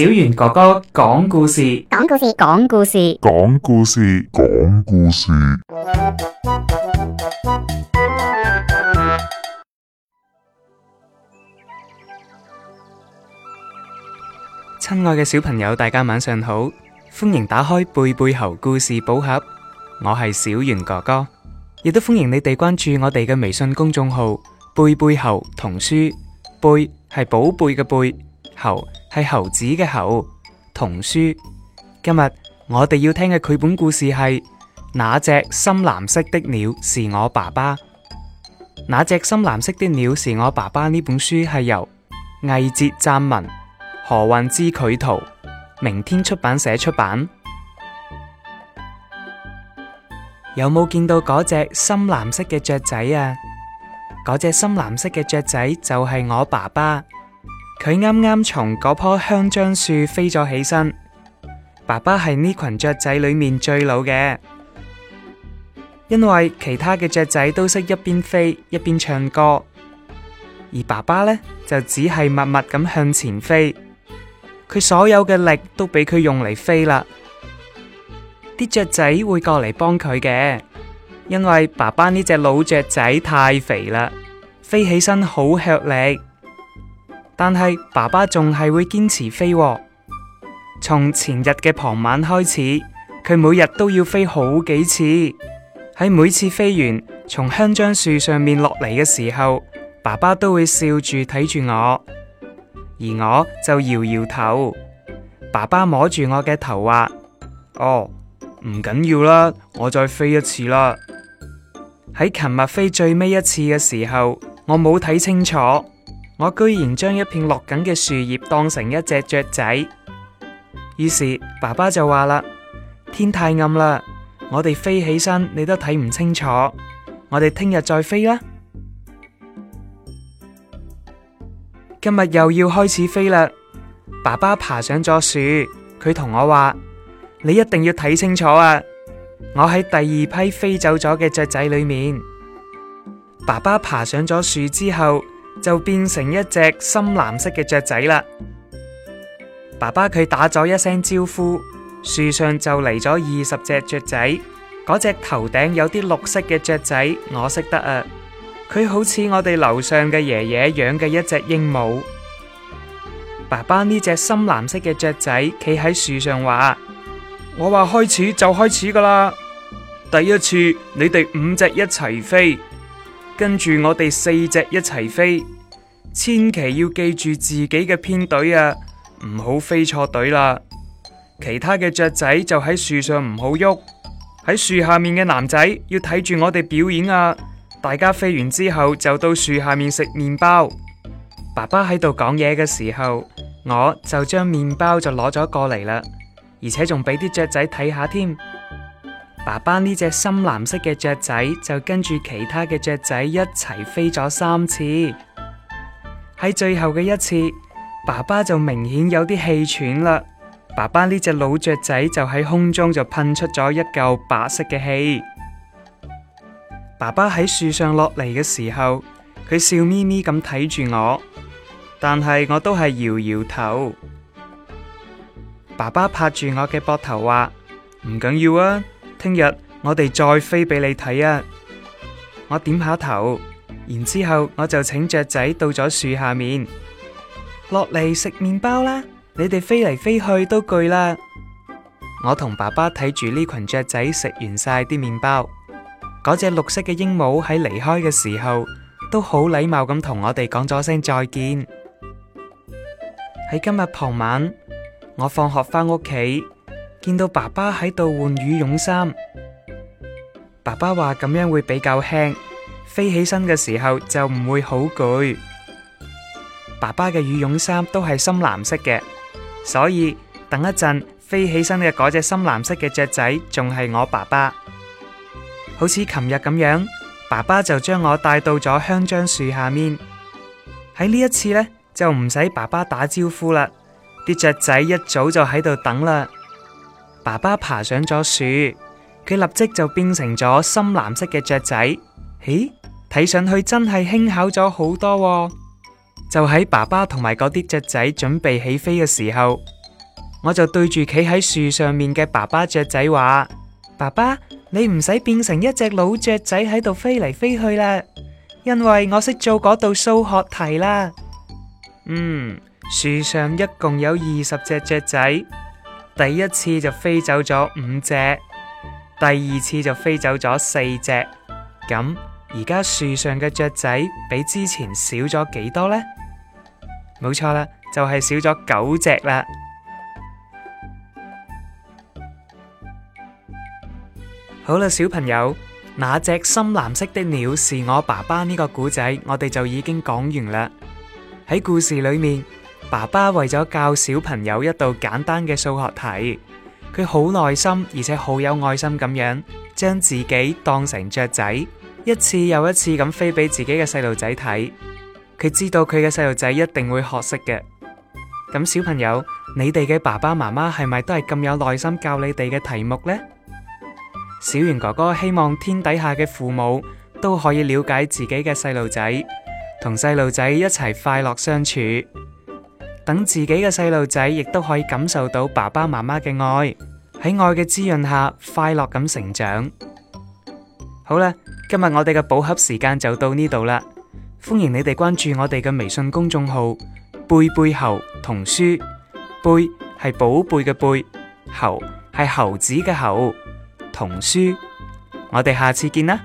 小袁哥哥講故事，講故事，講故事，講故事，講故事。親愛嘅小朋友，大家晚上好，歡迎打開貝貝猴故事寶盒，我係小袁哥哥，亦都歡迎你哋關注我哋嘅微信公眾號貝貝猴童書，貝係寶貝嘅貝。猴係猴子嘅猴，童書。今日我哋要聽嘅繪本故事係那隻深藍色的鳥是我爸爸。那隻深藍色的鳥是我爸爸呢本書係由魏捷撰文，何耘之繪圖，明天出版社出版。有冇見到嗰隻深藍色嘅雀仔啊？嗰隻深藍色嘅雀仔就係我爸爸。佢啱啱從嗰棵香樟樹飛咗起身。爸爸係呢群雀仔裏面最老嘅，因為其他嘅雀仔都識一邊飛一邊唱歌，而爸爸呢，就只係默默咁向前飛。佢所有嘅力都俾佢用嚟飛啦。啲雀仔會過嚟幫佢嘅，因為爸爸呢隻老雀仔太肥啦，飛起身好吃力。但係爸爸仲係會堅持飛喎，從前日嘅傍晚開始，佢每日都要飛好幾次。喺每次飛完從香樟樹上面落嚟嘅時候，爸爸都會笑住睇住我，而我就搖搖頭。爸爸摸住我嘅頭話：「哦，唔緊要啦，我再飛一次啦。喺琴日飛最尾一次嘅時候，我冇睇清楚。我居然將一片落緊嘅樹葉當成一隻雀仔，於是爸爸就話啦：「天太暗啦，我哋飛起身你都睇唔清楚，我哋聽日再飛啦。」今日又要開始飛啦，爸爸爬上咗樹，佢同我話：「你一定要睇清楚啊，我喺第二批飛走咗嘅雀仔裏面。」爸爸爬上咗樹之後，就變成一隻深藍色嘅雀仔啦。爸爸佢打咗一聲招呼，樹上就嚟咗二十隻雀仔。嗰隻頭頂有啲綠色嘅雀仔，我識得啊。佢好似我哋樓上嘅爺爺養嘅一隻鸚鵡。爸爸呢隻深藍色嘅雀仔企喺樹上話：我話開始就開始噶啦，第一次你哋五隻一齊飛，跟住我哋四隻一齊飛，千祈要記住自己嘅編隊啊，唔好飛錯隊啦。其他嘅雀仔就喺樹上唔好喐，喺樹下面嘅男仔要睇住我哋表演啊。大家飛完之後就到樹下面食麵包。爸爸喺度講嘢嘅時候，我就將麵包就攞咗過嚟啦，而且仲俾啲雀仔睇下添。爸爸呢隻深藍色嘅雀仔就跟住其他嘅雀仔一齊飛咗三次，喺最後嘅一次，爸爸就明顯有啲氣喘啦。爸爸呢隻老雀仔就喺空中就噴出咗一嚿白色嘅氣。爸爸喺樹上落嚟嘅時候，佢笑眯眯咁睇住我，但係我都係搖搖頭。爸爸拍住我嘅膊頭話：唔緊要啊。聽日我哋再飛俾你睇啊！我點下頭，然之後我就請雀仔到咗樹下面，落嚟食麵包啦。你哋飛嚟飛去都攰啦。我同爸爸睇住呢群雀仔食完晒啲麵包，嗰隻綠色嘅鸚鵡喺離開嘅時候都好禮貌咁同我哋講咗聲再見。喺今日傍晚，我放學返屋企。見到爸爸喺度換羽絨衫，爸爸話咁樣會比較輕，飛起身嘅時候就唔會好攰。爸爸嘅羽絨衫都係深藍色嘅，所以等一陣飛起身嘅嗰隻深藍色嘅雀仔仲係我爸爸，好似琴日咁樣，爸爸就將我帶到咗香樟樹下面。喺呢一次呢，就唔使爸爸打招呼啦，啲雀仔一早就喺度等啦。爸爸爬上咗樹，佢立即就變成咗深藍色嘅雀仔。咦，睇上去真係輕巧咗好多喎。就喺爸爸同埋嗰啲雀仔準備起飛嘅時候，我就對住企喺樹上面嘅爸爸雀仔話，爸爸，你唔使變成一隻老雀仔喺度飛嚟飛去啦，因為我識做嗰道數學題啦。嗯，樹上一共有二十隻雀仔。第一次就飛走咗五隻，第二次就飛走咗四隻，咁而家樹上嘅雀仔比之前少咗幾多呢？冇錯啦，就係少咗九隻啦。好啦，小朋友，那隻深藍色的鳥是我爸爸呢個故仔，我哋就已經講完啦。喺故事裏面。爸爸為咗教小朋友一道簡單嘅數學題，佢好耐心而且好有愛心咁樣，將自己當成雀仔，一次又一次咁飛俾自己嘅細路仔睇。佢知道佢嘅細路仔一定會學識嘅。咁小朋友，你哋嘅爸爸媽媽係咪都係咁有耐心教你哋嘅題目呢？小袁哥哥希望天底下嘅父母都可以了解自己嘅細路仔，同細路仔一齊快樂相處。等自己嘅細路仔亦都可以感受到爸爸媽媽嘅愛，喺愛嘅滋潤下快樂咁成長。好啦，今日我哋嘅寶盒時間就到呢度啦。歡迎你哋關注我哋嘅微信公眾號貝貝猴童書，貝係寶貝嘅貝，猴係猴子嘅猴，童書。我哋下次見啦。